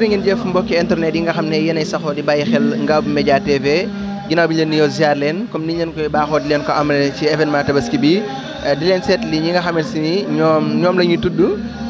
jërë ngeen jëf mbokki internet yi nga xam ne yéenay saxoo di bàyyi xel nga Média TV ginnaaw bi leen nuyoo ziar leen comme ni ñu leen koy baaxoo di leen ko amale ci événement tabaski bi eh, di leen seet li ñi nga xamante ni ñoom ñoom la ñuy tudd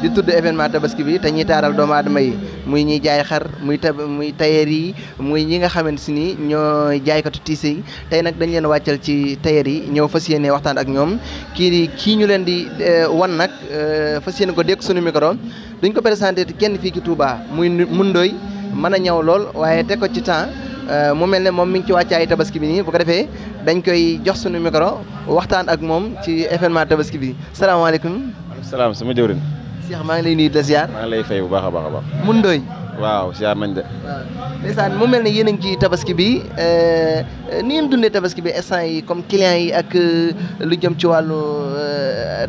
di tudd événement tabaski bi te ñuy taaral doomu aadama yi muy ñuy jaay xar muy ta muy tailleur yi muy ñi nga xamante ni ñooy jaaykatu tiise yi tey nag dañ leen wàccal ci tailleur yi ñëw fas yéene waxtaan ak ñoom kii di kii ñu leen di eh, wan nag eh, fas yéene ko dégg ko micro duñ ko présenté kenn fii ci Touba muy Moundooy mën a ñëw lool waaye teg ko ci temps Euh, mu mel ne moom mi ngi ci wàccaay tabaski bi nii bu ko defee dañ koy jox suñu micro waxtaan ak moom ci événement tabaski bi salaamaaleykum. waaleykum salaam sama jëwrin. Cheikh maa ngi lay nuyu di la maa ngi lay fay bu baax a baax a baax. mun ndooy. waaw ziar nañ de. mu mel ne yéen a ngi ci tabaski bi euh, ni ngeen dundee tabaski bi instant yi comme client yi ak euh, lu jëm ci wàllu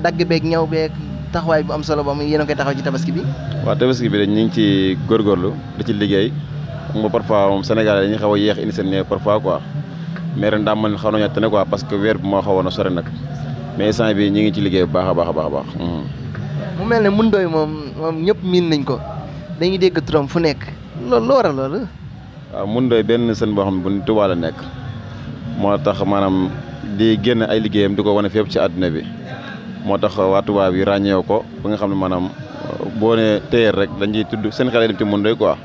dagg beeg ñaw beeg. taxawaay bu am solo ba mu yéen a koy taxaw ci tabaski bi. waaw tabaski bi dañ ñu ngi ci góorgóorlu di ci liggéey xam nga parfois moom Sénégal dañuy xaw a yéex indi seen néew parfois quoi mais ren daa mën xaw nañu tane quoi parce que weer bi moo xawoon a sori nag mais instant bi ñu ngi ci liggéey bu baax a baax baax hmm. mu mel ne mun doy moom moom ñëpp miin nañ ko dañuy dégg turam fu nekk loolu lu waral loolu. mun doy benn seen boo xam ne bu Tuubaa la nekk moo tax maanaam di génn ay liggéeyam di ko wane fépp ci àdduna bi moo tax waa Tuubaa bi ràññeewu ko ba nga xam ne maanaam boo nee téyeer rek dañuy tudd seen xel dem ci mun doy quoi.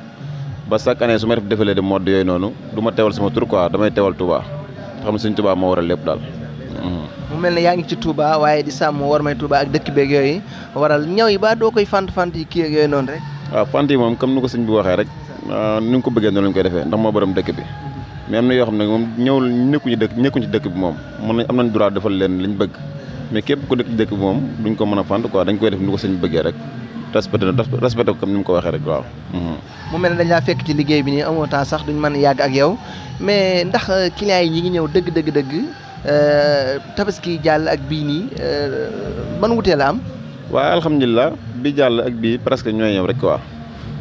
ba chaque année su may def défilé de mode yooyu noonu du teewal sama tur quoi damay teewal Touba xam ne suñ Touba moo a lépp daal. Mm-hmm. mu mel ne yaa ngi ci Touba waaye di sàmm war may Touba ak dëkk beeg yooyu waral ñaw yi ba doo koy fant fant yi kii ak yooyu noonu rek. waaw ah, fant yi moom comme ni ko sëñ bi waxee rek ah, ni nga ko bëggee noonu lañ koy defee ndax moo borom dëkk bi mm-hmm. mais am na yoo xam ne moom ñëw nekkuñu dëkk nekkuñu ci dëkk bi moom mën nañ am nañ droit defal leen liñ bëgg mais képp ku dëkk ci moom duñ ko mën a fant quoi koy def ni ko sëñ bëggee rek respecté respecté ko comme ni mu ko waxee rek waaw. Mhm. mu mel ne dañ laa fekk ci liggéey bi nii amoo temps sax duñ mën a yàgg ak yow mais ndax euh, clients yi ñi ngi ñëw dëgg dëgg dëgg euh, tabaski jàll ak bii nii euh, ban wutee la am. waa alhamdulilah bi jàll ak bii presque ñooy ñëw rek quoi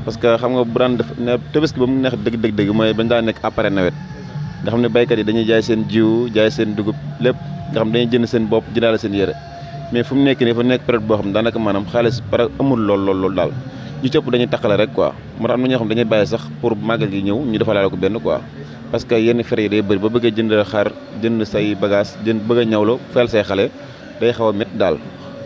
parce que xam nga bu daan def ne tabaski ba mu neex dëgg dëgg dëgg mooy bañ daan nekk après nawet nga xam ne béykat yi dañuy jaay seen jiw jaay seen dugub lépp nga xam dañuy jënd seen bopp jëndaale seen yére. mais fu mu nekk nii fa nekk période boo xam daanaka maanaam xaalis pare amul lool lool daal ñu cëpp dañuy taqale rek quoi moo tax am na ñoo xam dañuy bàyyi sax pour màggal gi ñëw ñu defalaale ko benn quoi parce yenn frais yi day bëri ba bëggee jënd xaar jënd say bagage jënd bëgg a ñawlo fayal say xale day xaw a métti daal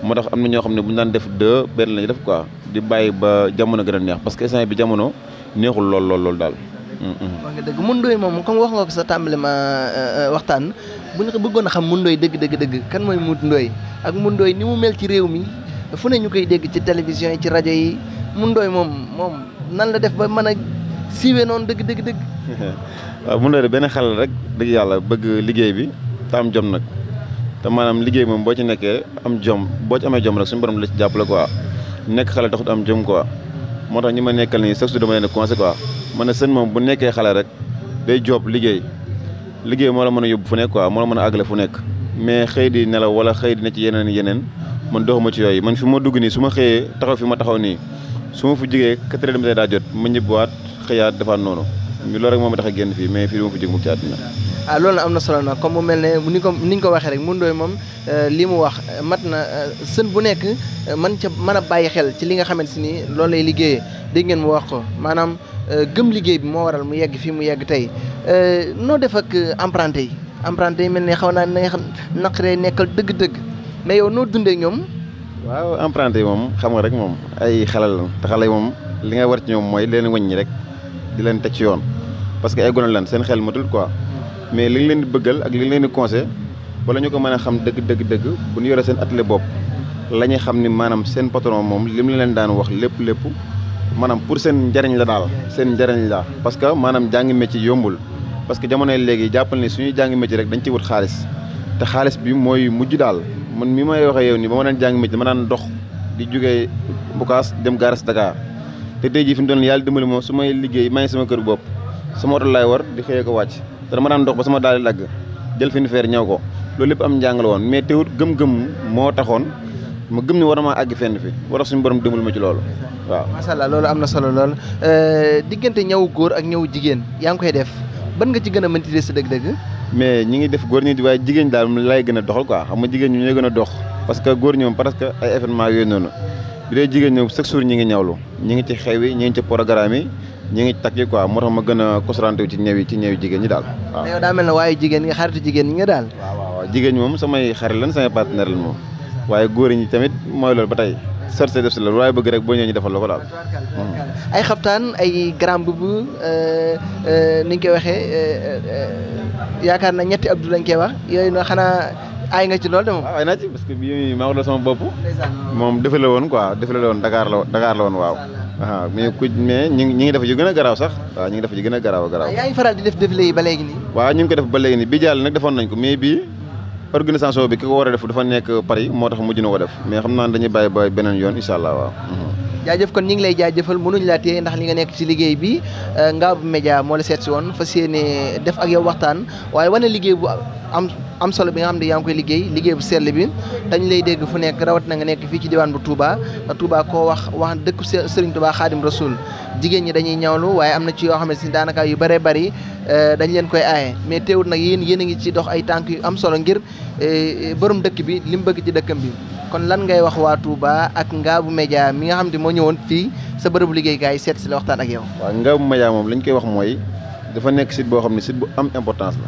moo tax am na ñoo xam ne bu ñu daan def deux benn la ñu def quoi di bàyyi ba jamono gën a neex parce que instant bi jamono neexul lool lool lool daal. wax nga dëgg mun bu ñu bëggoon a xam mun Ndoye dëgg dëgg dëgg kan mooy Moundou Ndoye ak mun Ndoye ni mu mel ci réew mi fu ne ñu koy dégg ci télévision yi ci rajo yi mun Ndoye moom moom nan la def ba mën a siiwee noonu dëgg dëgg dëgg. waaw Moundou Ndoye benn xale rek dëgg yàlla bëgg liggéey bi tam am jom nag te maanaam liggéey moom boo ci nekkee am jom boo ci amee jom rek suñu borom la ci jàppale quoi nekk xale taxut am jom quoi moo tax ñu ma nekkal nii sax su dama leen a conseil quoi man moom bu nekkee xale rek day joob liggéey. liggéey moo la mën a yóbbu fu nekk quoi moo la mën a àggale fu nekk mais xëy di nelaw wala xëy di ne ci yeneen yeneen man doxuma ci yooyu man fi ma dugg nii su ma xëyee taxaw fi ma taxaw nii su ma fi jigee quatre heures demtay daa jot ma ñibbaat xëyaat defaat noonu loolu rek moom ma tax genn fii mais fii du ma fi jóg mu ci àddina ah loolu na am na solo nag comme mu mel ne ni ko ni ñu ko waxee rek mun dooy moom euh, li mu wax euh, mat na euh, sën bu nekk man ca mën a bàyyi xel ci li nga xamante ni loolu lay liggéeyee dégg ngeen mu wax ko maanaam Euh, gëm liggéey bi moo waral mu yegg fii mu yegg tey euh, noo def ak euh, emprunté yi emprunté yi mel ne xaw naa ne neex naqaree nekkal dëgg-dëgg mais yow noo dundee ñoom. waaw emprunté yi moom xam nga rek moom ay xelal lan te xale yi moom li nga war ci ñoom mooy leen wàññi rek di leen teg ci yoon parce que ay gone lan seen xel matul quoi mais li nga leen di bëggal ak li nga leen di conseil wala ñu ko mën a xam dëgg dëgg dëgg bu nu yore seen at le bopp la ñuy xam ni maanaam seen patron moom lim la leen daan wax lépp lépp. maanaam pour seen njëriñ la daal seen njëriñ la parce que maanaam jàngi métier yombul parce que jamonoy léegi jàppal ni suñuy jàngi métier rek dañ ci wut xaalis te xaalis bi mooy mujj daal man mii may waxee yow ni ba ma daan jàngi métier ma daan dox di jógee Bukaas dem gaaras Dakar te tey jii fi mu doon yàlla dimbali moom su may liggéey maa sama kër bopp sama oto laay war di xëyee ko wàcc te dama daan dox ba sama daal di dagg jël fi ñu feer ñëw ko loolu yépp am njàng woon mais teewut moo taxoon ma gëm ni war a maa àgg fenn fi war a suñu borom dimbali ma ci loolu waaw. macha allah loolu am na solo lool euh, diggante ñaw góor ak ñaw jigéen yaa ngi koy def ban nga ci gën a mën ci sa dëgg-dëgg. mais ñi ngi def góor ñi waaye jigéen daal lay gën a doxal quoi xam jigéen ñi ñooy gën a parce que góor ñoom parce que ay événement yooyu noonu bi dee jigéen ñoom chaque jour ñi ngi ngi ci xew yi ngi ci programme yi ngi ci takk yi quoi moo tax ma gën a yi ci ñëw jigéen ñi daal waaw yow daa waaye jigéen nga xaritu jigéen ñi nga daal waaw waaw jigéen ñi moom samay xarit lan samay partenaire lan moom waaye góor ñi tamit mooy loolu ba tey sorte def si loolu waaye bëgg rek boo ñëwee ñu defal la ko ay xabtaan ay grand boubou euh, euh, ni ñu koy waxee euh, yaakaar na ñetti Abdou lañ koy wax yooyu nag xanaa aay nga ci loolu de moom. waaw aay naa ci parce que bii maa wax la sama bopp. moom defale woon quoi defale woon Dakar la waaw. waaw mais ku mais ngi ñu ngi def yu gën a garaaw sax waaw ñu ngi def yu gën a garaaw garaaw. yaa ngi faral di def défilé yi ba léegi nii. waaw ñu ko def ba léegi nii bi jàll nag defoon nañ ko mais bi organisation bi ki ko war a def dafa nekk Paris moo tax mujj na ko def mais xam naa ne dañuy bàyyi ba beneen yoon incha allah waaw. jaajëf kon ñu ngi lay jaajëfal mënuñ laa téye ndax li nga nekk ci liggéey bi euh, Ngabou Média moo la seet si woon fas yéene def ak yow waxtaan waaye wane liggéey bu am am solo bi nga xam ne yaa ngi koy liggéey liggéey bu sell bi dañ lay dégg fu nekk rawat na nga nekk fii ci diwaan bu Touba Touba koo wax wax dëkk Serigne Touba Xaadim Rasul jigéen ñi dañuy ñawlu waaye am na ci yoo xam ne si daanaka yu bëree bari euh, dañ leen koy aaye mais teewul nag yéen yéen a ngi ci dox ay tànk yu am solo ngir Eh, eh, borom dëkk bi li mu bëgg ci dëkkam bi kon lan ngay wax waa ba ak ngaa bu Média mi nga xam te moo ñëwoon fii sa bërëbu liggéeykaay seet si la waxtaan ak yow. waaw Ngabou Média moom lañ koy wax mooy dafa nekk site boo xam ne site bu am importance la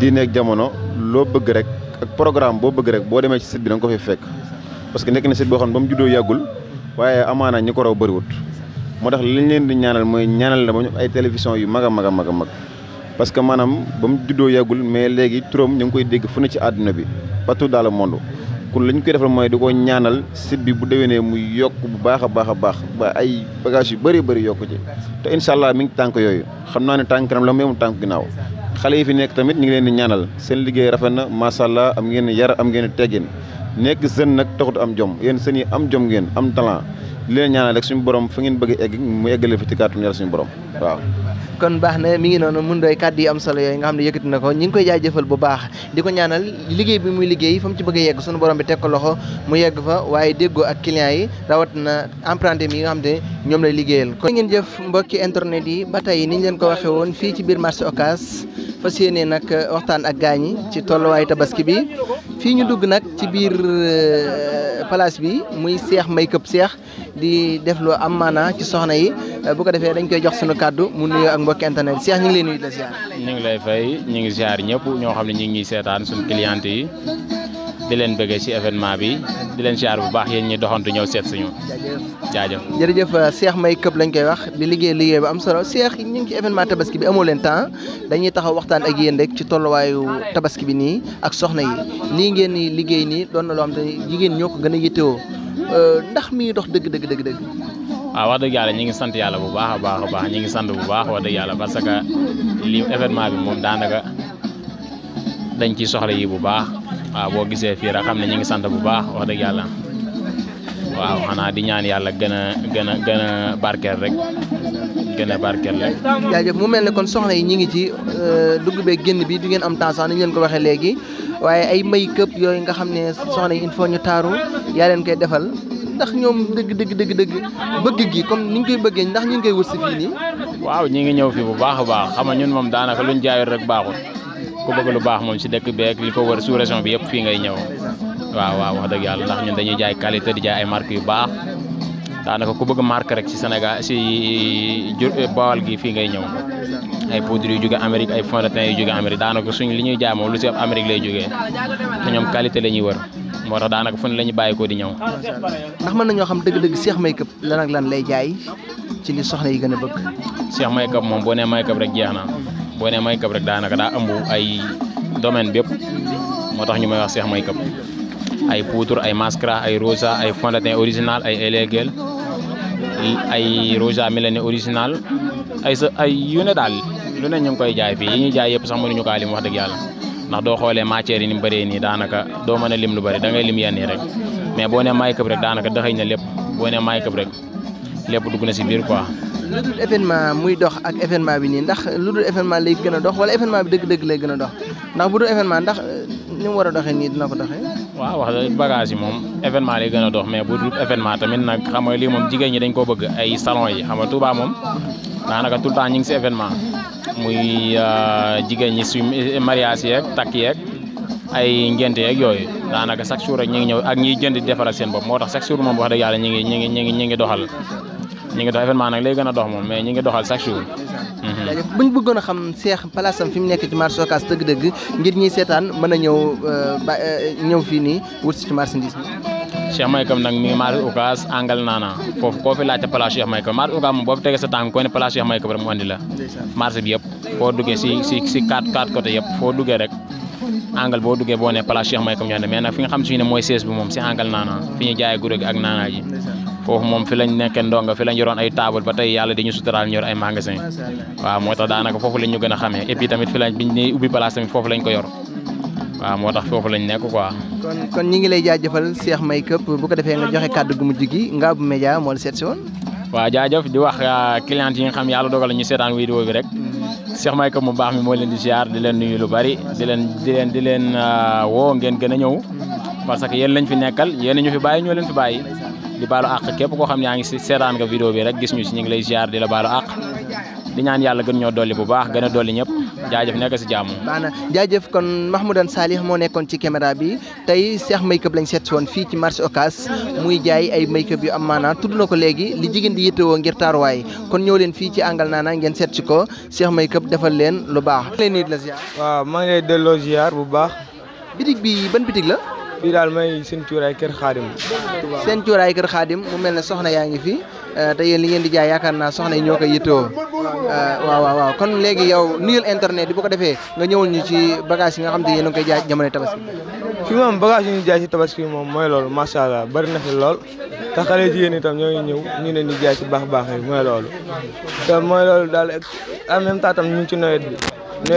diine ak jamono loo bëgg rek ak programme boo bëgg rek boo demee ci site bi da nga ko fay fekk parce que nekk na site boo xam ne ba mu juddoo yàggul waaye amaana ñi ko raw bëriwut moo tax liñ leen di ñaanal mooy ñaanal la ba ñu ay télévision yu mag a mag a mag a mag. parce que maanaam ba mu juddoo yàggul mais léegi turam ñu ngi koy dégg fu ne ci àdduna bi partout daal le monde kon la ñu koy defal mooy di ko ñaanal sibbi bu dewee ne mu yokk bu baax a baax a baax ba ay bagages yu bëri bëri yokku ci te incha allah mi ngi tànk yooyu xam naa ne tànk kanam la mu tànk ginnaaw xale yi fi nekk tamit ñu ngi leen di ñaanal seen liggéey rafet na macha allah am ngeen yar am ngeen teggin nekk jeune nag taxut am jom yéen seen yi am jom ngeen am talent li leen ñaanal rek suñu boroom fa ngeen bëgg egg mu eggale fi ci kàttan yàlla suñu borom waaw kon baax na mi ngi noonu mun doy kàddu yi am solo yooyu nga xam ne yëkkati na ko ñi ngi koy jaajëfal bu baax di ko ñaanal liggéey bi muy liggéey fa mu ci bëgg yegg suñu borom bi teg ko loxo mu yegg fa waaye déggoo ak client yi rawat na emprunté mi nga xam ne ñoom lay liggéeyal kon ngeen jëf mbokki internet yi ba tey ni ñu leen ko waxe woon fii ci biir marché Ocass fas yéene nag waxtaan ak gaañi ci tolluwaayu tabaski bi fii ñu dugg nag ci biir bir euh, place bi muy cheikh makeup cheikh di def lu amana ci soxna yi euh, bu ko defé dañ koy jox sunu cadeau mu nuyu ak mbokk internet cheikh ñu ngi lay nuyu la ziar. ñu ngi lay fay ñu ngi ziar ñepp ño xamni ne ngi sétane sunu client yi di len bëggee ci événement bi di len siyaar bu baax yeen ñi doxantu ñew sét suñu jaajëf jërëjëf euh, Cheikh May keub lañ koy wax di liggéey liggéey bu am solo Cheikh ñi ngi ci événement tabaski bi amoo len temps dañuy taxaw waxtaan ak yeen rek ci tolluwaayu tabaski bi ni ak soxna yi ni ngeen ni liggéey ni doon na loo xam te jigéen ñoo ko gën a euh, ndax mi dox dëgg dëgg dëgg dëgg waaw ah, wax dëgg yàlla ñi ngi sant yàlla bu baax baax baax ñi ngi sant bu baax wa dëgg yàlla parce que li événement bi moom daanaka dañ ci soxla yi bu baax waaw boo gisee fii rek xam ne ñu ngi sant bu baax wax dëgg yàlla waaw xanaa di ñaan yàlla gëna a gën a gën a rek gën a barkeel rek. mu mel ne kon soxna yi ñu ngi ci euh, dugg beeg génn bi du ngeen am temps sax ni ñu leen ko waxee léegi waaye ay may këpp yooyu nga xam ne soxna yi il faut ñu taaru yaa leen koy defal. ndax ñoom dëgg dëgg dëgg dëgg bëgg gi comme ni ñu koy bëggee ndax ñu ngi koy wër si fii nii. waaw ñu ngi ñëw fii bu baax a baax xam nga ñun moom daanaka luñ jaayul rek baaxul. ko bëgg lu baax moom si dëkk beeg li ko wër sous région bi yëpp fii ngay ñëw waaw waaw wax dëgg yàlla ndax ñun dañuy jaay qualité di jaay ay marques yu baax daanaka ku bëgg marque rek si Sénégal si jur Bawol gi fii ngay ñëw ay poudre yu jóge Amérique ay fond de teint yu jóge Amérique daanaka suñ li ñuy jaay moom lu si ëpp Amérique lay jógee te ñoom qualité la ñuy wër moo tax daanaka fu ne la ñu bàyyi ko di ñëw. ndax mën nañoo xam dëgg-dëgg Cheikh Makeup lan ak lan lay jaay ci li soxna yi gën a bëgg. Cheikh Makeup moom boo nee Makeup rek jeex na. boo nee maykab rek daanaka daa ëmb ay domaine bépp moo tax ñu may wax seex maykab ay poudre ay mascara ay rosa ay fond de teint original ay élégal ay rosa mélanie original ay sa ay yu ne daal lu ne ñu ngi koy jaay fii yi ñu jaay yëpp sax mënuñu kaa lim wax dëgg yàlla ndax doo xoolee matières yi ni mu bëree nii daanaka doo mën a lim lu bëri da ngay lim yenn yi rek mais boo nee maykab rek daanaka dëxëñ na lépp boo nee maykab rek lépp dugg na si biir quoi lu dul événement muy dox ak événement bi nii ndax lu dul événement lay gën a dox wala événement bi dëgg-dëgg lay gën a dox ndax bu dul événement ndax euh, ni war a doxee nii dina ko doxee. waaw wax dëgg bagage yi moom événement lay gën a dox mais bu dul événement tamit nag xam nga lii moom jigéen ñi dañ koo bëgg ay salon yi xam nga moom daanaka tout le temps ñu ngi si événement muy euh, jigéen ñi su euh, mariage yeeg takk yeeg ay ngénte yeeg yooyu daanaka chaque jour rek ñu ngi ñëw ak ñiy jënd di defaral seen bopp moo tax chaque jour moom wax ngi ngi ngi ñu ngi doxal. ñi ngi dox événement nag lay gën a dox moom mais ñi ngi doxal chaque jour. jaajëf bu ñu a xam Cheikh place am fi mu nekk ci dëgg-dëgg ngir ñiy seetaan mën a ñëw euh, ba euh, fii nii wut si ci marchandise bi. Cheikh Maykam nag mi ngi marché Ocass angal naana foofu koo fi laajte place Cheikh Maykam marché Ocass moom boo fi tegee sa tànk ko ne place Cheikh Maykam rek mu andi la. marché bi yëpp foo duggee si si si quatre quatre côté yëpp foo duggee rek. angal boo duggee boo ne place Cheikh Maykam ñu andi mais nag fi nga xam si ne mooy sees bi moom si angal naana fi ñuy jaayee guré gi foofu moom fi lañ nekkee ndonga fi yoroon ay taabal ba tey yàlla di ñu suturaal ñu ay magasin waaw moo tax daanaka foofu lañ ñu gën a xamee et tamit fi lañ ne ubbi place tamit foofu lañ ko yor waaw moo tax foofu lañ nekk quoi. kon kon ñi ngi lay jaajëfal Cheikh Makeup bu ko defee nga joxe kàddu gu mujj gi Ngabou Média moo la seet si waa waaw jaajëf di wax ah, client yi nga xam yàlla dogal ñu seetaan vidéo bi rek mm-hmm. Cheikh Makeup mu baax mi moo leen di ziar di leen nuyu lu bari di leen di leen di leen ah, woo ngeen gën a ñëw mm-hmm. di baalu àq képp koo xam a ngi si seetaan nga vidéo bi rek gis ñu si ñu ngi lay ziar di la baalu àq di ñaan yàlla gën ñoo dolli bu baax gën a dolli ñëpp jaajëf nekk si jàmm baana kon Mahmoudan Salih moo nekkoon ci caméra bi tey Cheikh Makeup lañ seet woon fii ci marché Ocass muy jaay ay makeup yu am maanaa tudd na ko léegi li jigéen di yittewoo ngir taaruwaay kon ñëw leen fii ci àngal naana ngeen seet si ko Cheikh Makeup defal leen lu baax leen nit la ziar waaw maa ngi lay delloo la fii daal may seen cuuraay kër xaadim seen cuuraay kër xaadim mu mel soxna yaa fi eh, te yéen li ngeen di jaay yaakaar soxna yi ñoo koy yittewoo eh, waaw kon léegi yow nuyul internet bu ko defee nga ñëwul ñu ci bagage nga xam koy jaay jamono tabaski fi bagage jaay si tabaski moom allah bari na fi lool te xale jigéen itam ñoo ngi ñu leen di jaay si baax baax yi en même temps tam ñu ci bi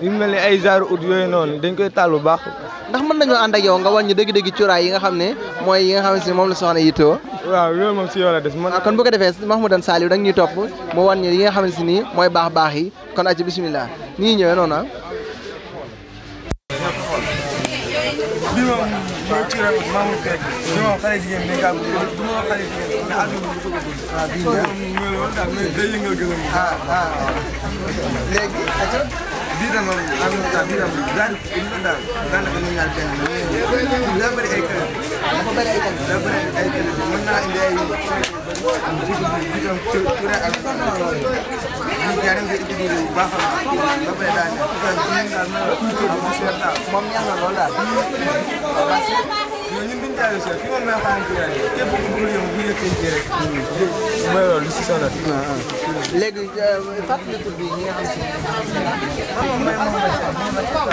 yu mel ni ay genre ut yooyu noonu dañ koy taal bu baax. ndax mën nañoo ànd ak yow nga wàññi dëgg-dëgg cuuraay yi nga xam ne mooy yi nga xam ne moom la soxna yittoo. waaw loolu moom si yow la des man. kon bu ko defee Mahmoudane Saliou da nga topp mu wàññi yi nga xam ne nii mooy baax baax yi kon aji bisimilah nii ñëwee noonu biram amta biram daal ñu ko daal daanaka ñu ñaar la daa ay kër dafa bëri ay kër daa bëri ay kër mën naa indi ay biram ture ak ñu jaare nga indi bu baax a ba na ko ko ñun duñ jaayee cher fi moom naa xaar ci yaay képp ku bëgg yëngu bu yëkkee ci rek. Ah, ah. mooy loolu lu si sonal. Ah, léegi euh, fàttali tur bi ñi nga xam si. xam nga mooy moom la si am moom la si taal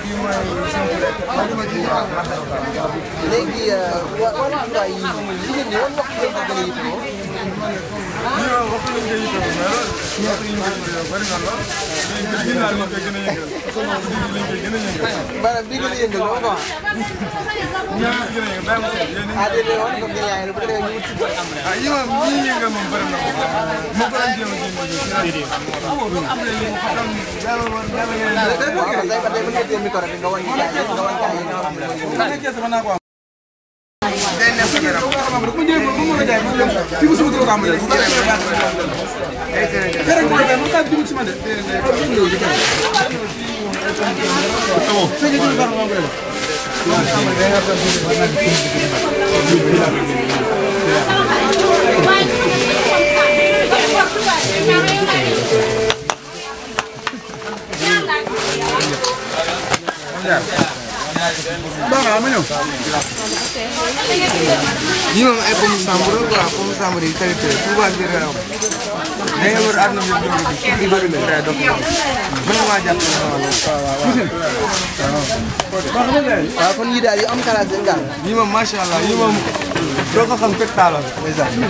kii mooy seen kuréel te xam nga jiw waaw léegi euh, wa wàllu waay yi jigéen ñi wan wax ngeen ko gën a yittewoo. Ini చేయించారు Kawan-kawan, kawan 你不是我们家的，你不是我们家的。哎，现在过来，我们家的，你不是我们家的。怎么？谁家的？我们家的。我们家的。Bara ma ñëw. lii moom ay pomme sambur quoi pomme sambur yi qualité Touba bi réew. da ngay wër àdduna bi dund bi kii bëri la day dox vraiment jàpp na waaw waaw waaw kon yii daal yu am kalaas yi daal. lii moom macha allah lii moom. Rogo xam tegtal la.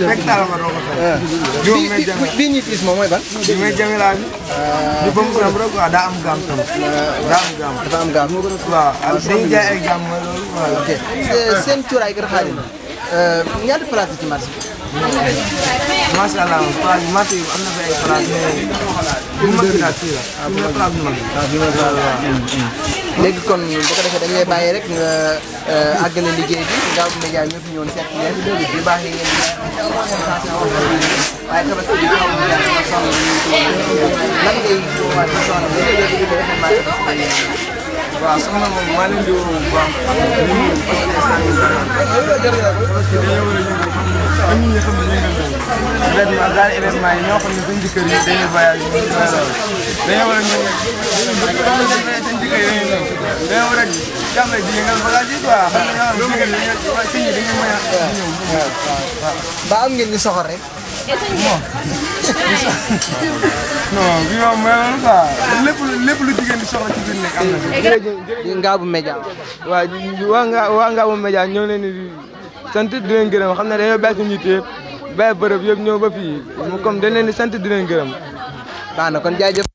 tegtal ma rogo xam. juróom di meja, bi meja gis moom mooy meja bi meja jàng laa ñu. ñu ba mu tam rogo daa am meja tam. daa am gaam dafa am gaam. waaw dañuy jaay ay gaam mooy loolu waaw. ok seen cuuraay kër xaadim ñaata place ci marché bi. macha allah place marché yi am na fi ay place mais bu mag bi daal léegi kon bu ko defee dañ lay rek nga euh, àggale liggéey bi nga am média ñëpp ñëwoon seet leen yu baax yi ngeen waaye tabaski bi xaw ma daal sama soxna ñu ngi lan ngay wax ci waaw soxna moom di ba am ngeen soxor rek. non bi moom mooy quoi lépp lépp lu jigéen di soxla ci biir nekk am na si. jërëjëf Ngabou Média waaw waa Ngabou Média ñoo leen di sant di leen gërëm xam ne dañoo bàyyi suñu yitte yëpp bàyyi bërëb yëpp ñëw ba fi comme dañ leen di sant di leen gërëm baax na kon jaajëf.